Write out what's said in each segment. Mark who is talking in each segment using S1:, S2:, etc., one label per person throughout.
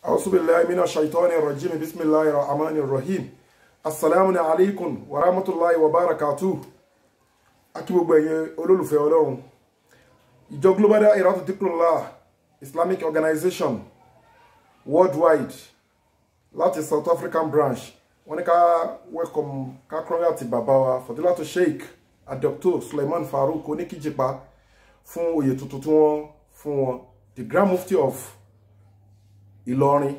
S1: أعوذ بالله من الشيطان الرجيم بسم الله الرحمن الرحيم السلام عليكم ورحمة الله وبركاته akí gbogbo ẹ̀yin olólùfẹ́ Ọlọ́run ìjọ Global Dahiratu Dhikrlahi Islamic Organization worldwide láti South African branch wọ́n ní ká welcome kakrowe àti bàbá wa Fadilatu Sheikh adoctor Suleiman Farouk Oníkìjìpá fún oyè tuntun tí wọ́n fún wọn the Grand Mufti of Ìlọrin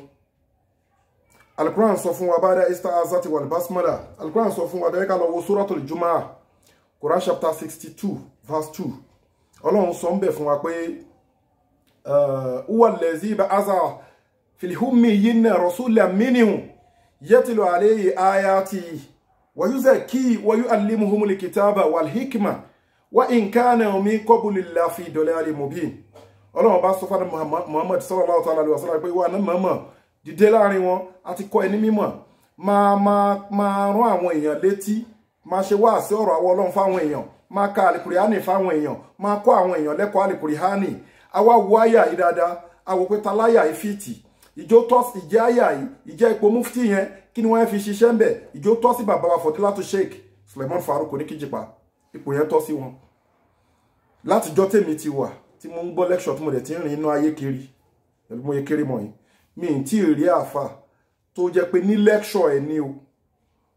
S1: alukuran sọ fún wa bada ista azati wal basmala alukuran sọ fún wa bẹ́ẹ̀ ká lọ wo suratul juma Quran chapter sixty two verse two ọlọ́run sọ ń bẹ̀ fún wa pé uwa lẹ́sí ibà aza filihumi yìí nà rọ́súlẹ̀ mínìhùn yẹtìlọ àlẹ́yẹ ayati wàyúzẹ̀ kí wàyú alimuhumuli kitaba wal hikma wa in kana min qabli la ọlọ́run bá sọ fún Muhammad sallallahu ta'ala alaihi wasallam pé ìwà náà mọ̀ọ́mọ̀ dìde láàrin wọn àti kọ́ ẹni mímọ̀ máa máa rán àwọn èèyàn létí máa ṣe wáàsí ọ̀rọ̀ àwọn ọlọ́run fáwọn èèyàn máa ka àlìkùrìhánì fáwọn èèyàn máa kọ́ àwọn èèyàn lẹ́kọ̀ọ́ àlìkùrìhánì àwa wo àyà yìí dáadáa àwò pé taláyà yìí fìtì ìjó tọ́ ìjẹ́ àyà yìí ìjẹ́ ipò mufti yẹn kí ni wọ́n fi ṣiṣẹ́ ń bẹ̀ ìjó tọ́ sí bàbá wa Fọdílátù Sheikh Suleiman Farouk oníkìjìpá ipò yẹn tọ́ sí wọn látijọ́ tèmi ti wà tí mo ń gbọ́ lecture tí mo dẹ̀ ti ń rìn inú ayé kiri pẹ̀lú mo yẹ kéré mọ̀ yìí mi ì tí ì rí àáfà tó jẹ́ pé ní lecture ẹ̀ ni o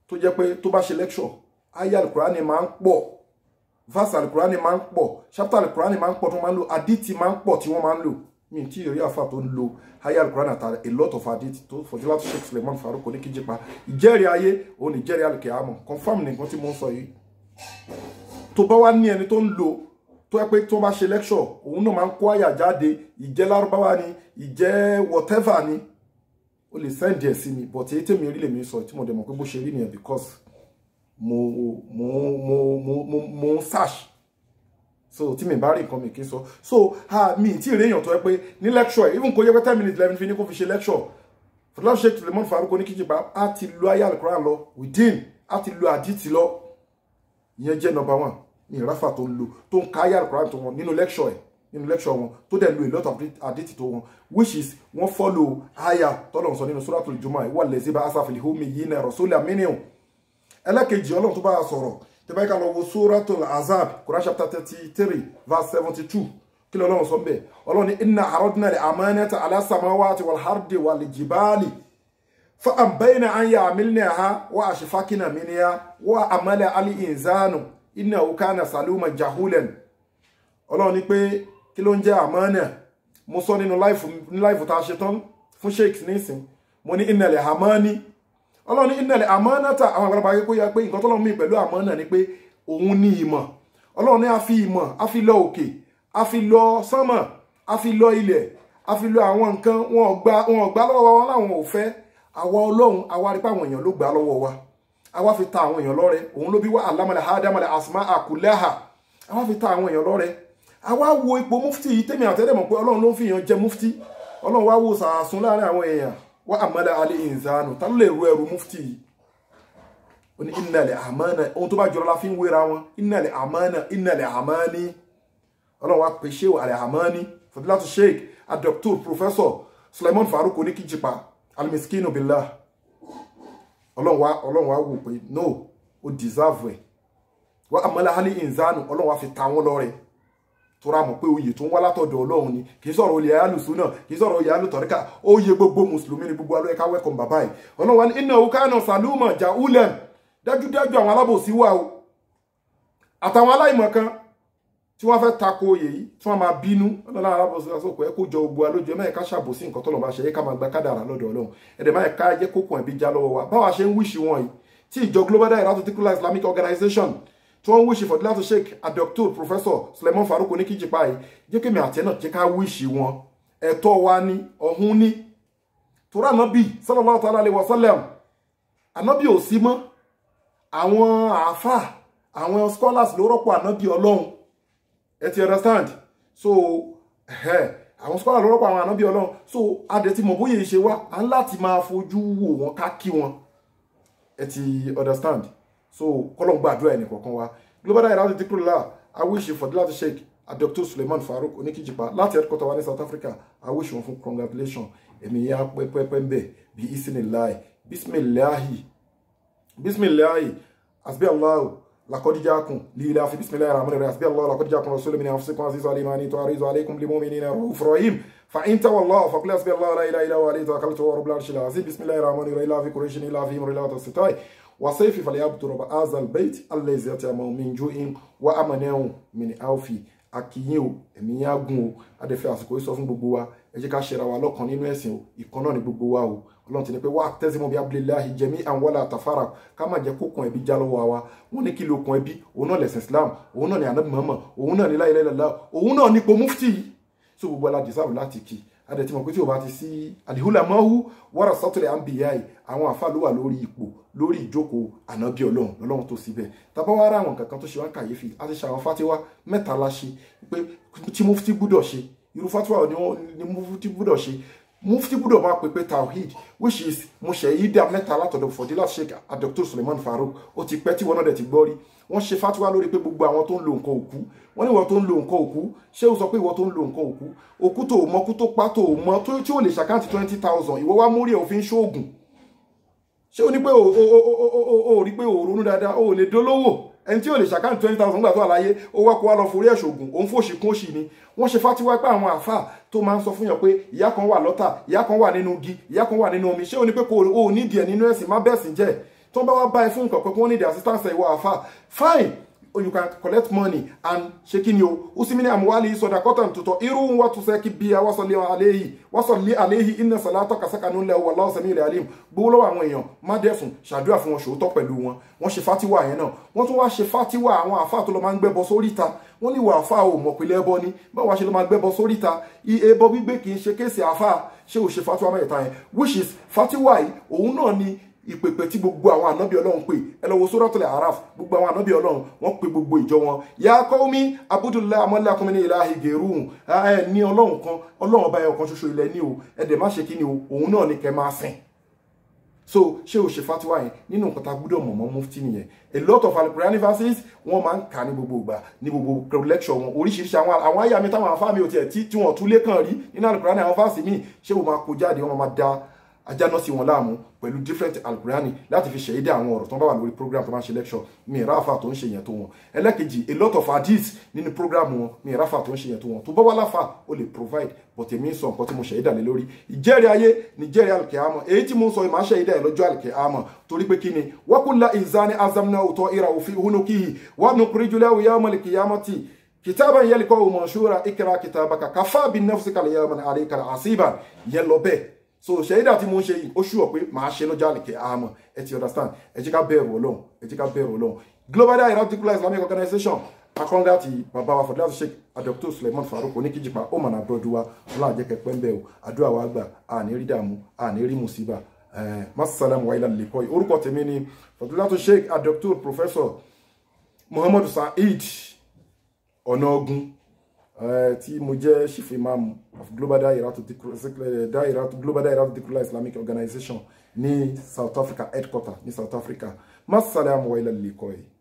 S1: tó jẹ́ pé tó bá ṣe lecture ayé alukurani máa ń pọ̀ verse alukurani máa ń pọ̀ chapter alukurani máa ń pọ̀ tó máa ń lò àdìtì máa ń pọ̀ tí wọ́n máa ń lò mi ì tí ì rí àáfà tó ń lo ayé alukurani àtàrà a lot of àdìtì tó fọ̀jú láti Sheikh Suleiman Faruq Oníkíjípa ìjẹ́rìí ayé òun ìjẹ́rìí alùkẹ́ àmọ̀ confam nìkan tí mo ń sọ yìí tó bá wá ní ẹni tó yẹ pé tí bá ṣe lecture òun náà máa ń kó àyà jáde ìjẹ́ lárúbáwá ni ìjẹ́ whatever ni o lè send ẹ̀ sí mi but èyí tèmi orílẹ̀ mi sọ tí mo dẹ̀ mọ̀ pé bó ṣe rí nìyẹn because mo mo mo mo mo mo ń so tí mi bá rí nǹkan mi kì í sọ so ha mi tí ì réyàn tó yẹ pé ní lecture even kò yẹ pé ten minutes eleven fi ní kó fi ṣe lecture fúláwù ṣe tìlẹ̀ mọ́nù faruko ní kíjìpá á ti lu ayé àlùkòrán lọ within á ti lu àdìtì lọ ìyẹn jẹ́ number one ní Rafa tó ń lo tó ń káyà alukoran tó wọn nínú lecture ẹ̀ nínú lecture wọn tó dẹ̀ lo a lot of aditi tó wọn which is wọ́n follow aya tọ́lọ̀ sọ nínú suratul juma ìwà lẹ́sìn bá asàfihàn omi yìí náà rọ̀sọ́lẹ̀ àmínìhùn ẹlẹ́kejì ọlọ́run tó bá sọ̀rọ̀ tẹ́bá ká lọ wo suratul azab quran chapter thirty three verse seventy two kí lọ́lọ́run sọ bẹ́ẹ̀ ọlọ́run ní inna aradna al-amanata ala samawati wal ardi wal jibali fa ambayna an ya'milnaha wa ashfaqna minha wa amala al-insanu iná òkàna saluma jahulen ọlọ́run ní pé kí ló ń jẹ́ àmánà mo sọ nínú láìfù tá a ṣe tán fún sheikh nísìn mo ní ìnàlẹ̀ àmánì ọlọ́run ní ìnàlẹ̀ àmánátà àwọn àgbàlagbà yẹ kó yá pé nǹkan tọ́lọ́run mí pẹ̀lú àmánà ni pé òun ní ìmọ̀ ọlọ́run ní a fi ìmọ̀ a fi lọ òkè a fi lọ sánmọ̀ a fi lọ ilẹ̀ a fi lọ àwọn nǹkan wọn ò gbà lọ́wọ́ wọn láwọn ò àwa ọlọ́run àwa rí pàwọn èèyàn ló gbà lọ́wọ́ wa àwa fi ta àwọn èèyàn lọ́rẹ òun ló bí wá alámọ̀lá ádámọ̀lá asma àkùlẹ́hà àwa fi ta àwọn èèyàn lọ́rẹ àwa wo ipò mufti yìí tèmi àtẹ́lẹ̀mọ̀ pé ọlọ́run ló ń fi èèyàn jẹ mufti ọlọ́run wá wo sàásùn láàrin àwọn èèyàn wá àmọ́lá alẹ́ ìzánù ta ló lè ru ẹrù mufti yìí ó ní ìnàlẹ̀ àmánà ohun tó bá jọra la fi ń wéra wọn ìnàlẹ̀ àmánà ìnàlẹ̀ àmání ọlọ́run wá pè ṣéwà àlẹ̀ àmání fadilatu sheik adọ́kítọ̀ professor Suleiman Faruk oníkìjìpá alimiskinu billah ọlọ́run wa ọlọ́run wa wò pé no ó deserve ẹ̀ wọ́n àmọ́lá hali ìzánu ọlọ́run wa fi ta wọ́n lọ́rẹ̀ tora mọ̀ pé oyè tó ń wá látọ̀dọ̀ ọlọ́run ni kì í sọ̀rọ̀ olè alùsùn náà kì í sọ̀rọ̀ olè alùtọ̀ríkà oyè gbogbo mùsùlùmí ni gbogbo alọ́ ẹ̀ka wẹ́kọ̀m bàbá yìí ọlọ́run wa ní iná okano saluma jahulem dájúdájú àwọn alábòsí wà o àtàwọn aláìmọ̀ kan tí wọ́n fẹ́ tako oyè yìí tí wọ́n máa bínú ọlọ́lá alábọ̀sọ̀kọ̀ ẹ kó jọ ogun alójú ẹ má yẹ ká ṣàbòsí nǹkan tọ́lọ̀ máa ṣe é ká máa gba kádàrà lọ́dọ̀ ọlọ́run ẹ̀dẹ̀ má yẹ ká jẹ́ kókun ẹ̀bí já lọ́wọ́ wa báwa ṣe ń wíṣì wọn yìí tí ìjọ global dahiratu dhikrlahi islamic organization tí wọ́n ń wíṣì Fadilatu Sheikh adoctor professor Suleiman Farouk oníkíjìpá yìí jẹ́ kémi àti ẹ̀ náà jẹ́ ká wíṣì wọn ẹ̀tọ́ wa ni ọ̀hún ni torí ànábì sallallahu ta'ala alaihi wasallam ẹ ti understand so àwọn scholar lọ́rọ́pọ̀ àwọn ànábì ọlọ́run so adẹ ti mọ̀ bóyá ṣe wá à ń láti máa fojú wò wọ́n ká kí wọn ẹ ti understand so kọ́lọ́n gbàdúrà ẹnì kọ̀ọ̀kan wa Global Dahiratu Dhikrlahi awíṣe last shake. Dr. Suleiman Farouk Oníkìjìpá láti ẹ̀kọ́tà wa ní South Africa awíṣe wọn fún congratulation èmi yẹn pẹ́pẹ́pẹ́ ń bẹ̀ bí isinilahi Bismillahi, Bismillahi, asbi allahu لقد جاءكم لإلاف بسم الله الرحمن الرحيم حسبي الله لقد جاءكم رسول من أنفسكم عزيز عليم أن تعرض عليكم لمؤمنين رؤوف رحيم فإن تولوا فقل حسبي الله لا إله إلا هو عليه توكلت وهو رب العرش العظيم بسم الله الرحمن الرحيم إلا في قريش إلا في إلا تستطيع وسيفي فليعبد رب هذا البيت الذي يطعمه من جوع وأمنه من خوف akíyìn o ẹ̀mí yín á gùn o adẹ́fẹ́ àsìkò yìí sọ fún gbogbo wa ẹ jẹ́ ká ṣera wa lọ́kàn nínú ẹ̀sìn o ìkan náà ni gbogbo wa o ọlọ́run ti ní pé wá tẹ́símọ́ bí abdullahi jẹ́mí anwala tafara kama má jẹ́ kó kan ẹbí já lọ́wọ́ wa wọ́n ní kí ló kan ẹbí òun náà lẹ̀sìn islam òun náà ní anabi muhammad òun náà ní la ilaha illallah òun náà ní ipò mufti so gbogbo aládìí sáà láti kì adẹ̀tí mọ̀ pé tí o bá ti sí alihulamahu wàrà sátúrẹ̀ àǹbìyáì àwọn àfa ló wà lórí ipò lórí ìjókòó ànábì ọlọ́run lọ́lọ́run tó síbẹ̀ tàbá wá ara àwọn kankan tó ṣe wá ń kàyéfì a ti ṣàwọn fatiwa mẹ́ta la ṣe pé tí mufti gbúdọ̀ ṣe irú fatiwa ni mufti gbúdọ̀ ṣe mufti gbúdọ̀ máa pèpè tawhid which is mo ṣe ìdá mẹ́ta látọ̀dọ̀ fọdílà sheikh dr suleiman farouk ó ti pẹ́ tí wọn náà dẹ̀ ti gbọ́ rí wọ́n ṣe fatiwa lórí pé gbogbo àwọn tó ń lo nǹkan òkú wọ́n ní ìwọ tó ń lo nǹkan òkú ṣé o sọ pé ìwọ tó ń lo nǹkan òkú òkú tó o mọ kú tó pa tó o mọ tí o lè ṣàkáǹtì twenty thousand ìwọ wá mórí ẹ̀ òfin ṣóògùn ṣé o ní pé o rí pé o ronú dáadáa o ò lè dolówó ẹni tí ò lè ṣàkáǹtì twenty thousand nígbà tó wà láyé ó wá kó wá lọ forí ẹ̀ṣọ̀gùn òun fòṣì kún òṣì ni wọ́n ṣe fátíwá pé àwọn àáfàá tó máa ń sọ fún yàn pé ìyá kan wà lọ́tà ìyá kan wà nínú igi ìyá kan wà nínú omi ṣé o ní pé kò o nídìí ẹ̀ nínú ẹ̀sìn má bẹ́ẹ̀ sìn jẹ́ tó ń bá wá bá ẹ fún nǹkan pé wọ́n nídìí assistance ìwọ àáfàá fine Oh, you can collect money and shaking you usimini amwali sadaqatan iru wa tusaki biya wa salli alayhi wa salli alayhi inna salataka sakanun lahu wallahu samiul alim gbolo àwọn èyàn má defun ṣàdúrà fún wọn sooto pẹ̀lú wọn wọ́n ṣe fatiwa yẹn náà wọ́n tún wá ṣe fatiwa àwọn àfáà lo lọ máa ń gbẹ́bọ sórí ta wọ́n ní wà àfáà ò mọ̀ pele ẹbọ ni bá wá ṣe lọ máa gbẹ́bọ sórí ta ẹbọ gbígbé kì í ṣe kéèsì àfáà ṣé ò ṣe fatiwa mẹ́ta yẹn which is fatiwa yìí òun náà ni ìpèpè tí gbogbo àwọn ànábì ọlọ́run pè ẹ lọ wo suratul araf gbogbo àwọn ànábì ọlọ́run wọ́n pe gbogbo ìjọ wọn ya qaumi abudulayi amọ́lẹ́kùnmí ní ilahi geruhun ẹ ní ọlọ́run kan ọlọ́run ọba ẹ̀yọ̀kan ṣoṣo ilẹ̀ ní o ẹ dẹ̀ má ṣe kí ni o òun náà ni kẹ́ máa sìn so ṣé o ṣe fatiwa yẹn nínú nǹkan tá a gbọ́dọ̀ mọ̀ mọ́ mufti nìyẹn a lot of alukurani verses wọ́n máa ń kà ní gbogbo ìgbà ní gbogbo lecture wọn oríṣiríṣi àwọn àwọn àyà mi táwọn afáàmì ò tiẹ̀ tí wọ́n tún lé kàn rí nínú alukurani àwọn verses míì ṣé o máa kó jáde wọ́n máa da ajáná sí wọn láàmú pẹ̀lú different alkurani láti fi ṣẹ̀yẹ́dẹ́ àwọn ọ̀rọ̀ tó ń bá wà lórí program tó máa ń ṣe lecture mi ìráfà tó ń ṣe yẹn tó wọn ẹlẹ́kejì a lot of hadith nínú program wọn mi ìráfà tó ń ṣe yẹn tó wọn tó bá wà láfà ó lè provide but èmi ń sọ nǹkan tí mo ṣẹ̀yẹ́dà lé lórí ìjẹ́rìí ayé ni jẹ́rìí alkiyama èyí tí mo ń sọ ìmọ̀ ṣẹ̀yẹ́dà ẹ̀ lọ́jọ́ alkiyama torí pé kí ni wákùnlá ìzáni azamna òtọ́ ìrà òfin hunukihi wà nùkúrìjúlẹ̀ òyàmọ̀ alkiyama tì kitaba yẹlikọ òmọ̀ṣúra ìkẹrà kìtàbàkà káfáàbì nẹ́fùsì kàlẹ́yàmọ̀ àríkàlà àṣìbà yẹlọ so ṣẹ̀yídà tí mo ń ṣe yìí ó ṣùwọ̀ pé màá ṣe lọ́jọ́ àlìkẹ́ àmọ́ ẹ ti understand ẹ jẹ́ ká bẹ̀rù ọlọ́run ẹ jẹ́ ká bẹ̀rù ọlọ́run global dahiratu dhikrlahi islamic organization akọ́ndé àti bàbá wa fọ̀dé àti adọ́kítọ̀ suleiman farouk oníkìjìpá ó mọ̀nà àbọ̀dù wa ọlọ́run àjẹkẹ́ pẹ́ńbẹ́ o àdúrà wa gbà àní rí dààmú àní rí mùsíbà eh, masalamu wa ilal liqa'i orúkọ tèmi ni fọ̀dúlátò sheikh adọ́kítọ̀ professor muhammadu Said ọ̀nà ogun Eh, ti mo jẹ́ chief imam of global dahiratu eh, dahiratu global dahiratu dikula islamic organization ní south africa headquarter ní south africa masalamu wa ilẹ̀ lẹ́kọ̀ọ́ yìí.